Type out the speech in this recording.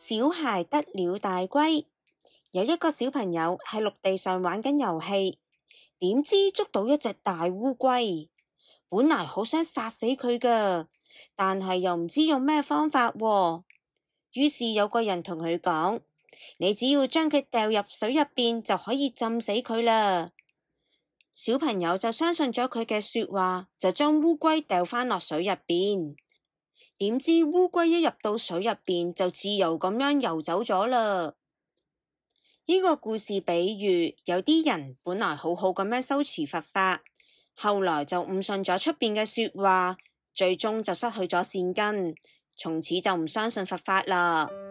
小孩得了大龜，有一個小朋友喺陸地上玩緊遊戲，點知捉到一隻大烏龜，本來好想殺死佢㗎，但係又唔知用咩方法喎，於是有個人同佢講：你只要將佢掉入水入邊就可以浸死佢啦。小朋友就相信咗佢嘅說話，就將烏龜掉返落水入邊。點知烏龜一入到水入邊就自由咁樣游走咗喇。呢、這個故事比喻有啲人本來好好咁樣修持佛法，後來就誤信咗出邊嘅說話，最終就失去咗善根，從此就唔相信佛法喇。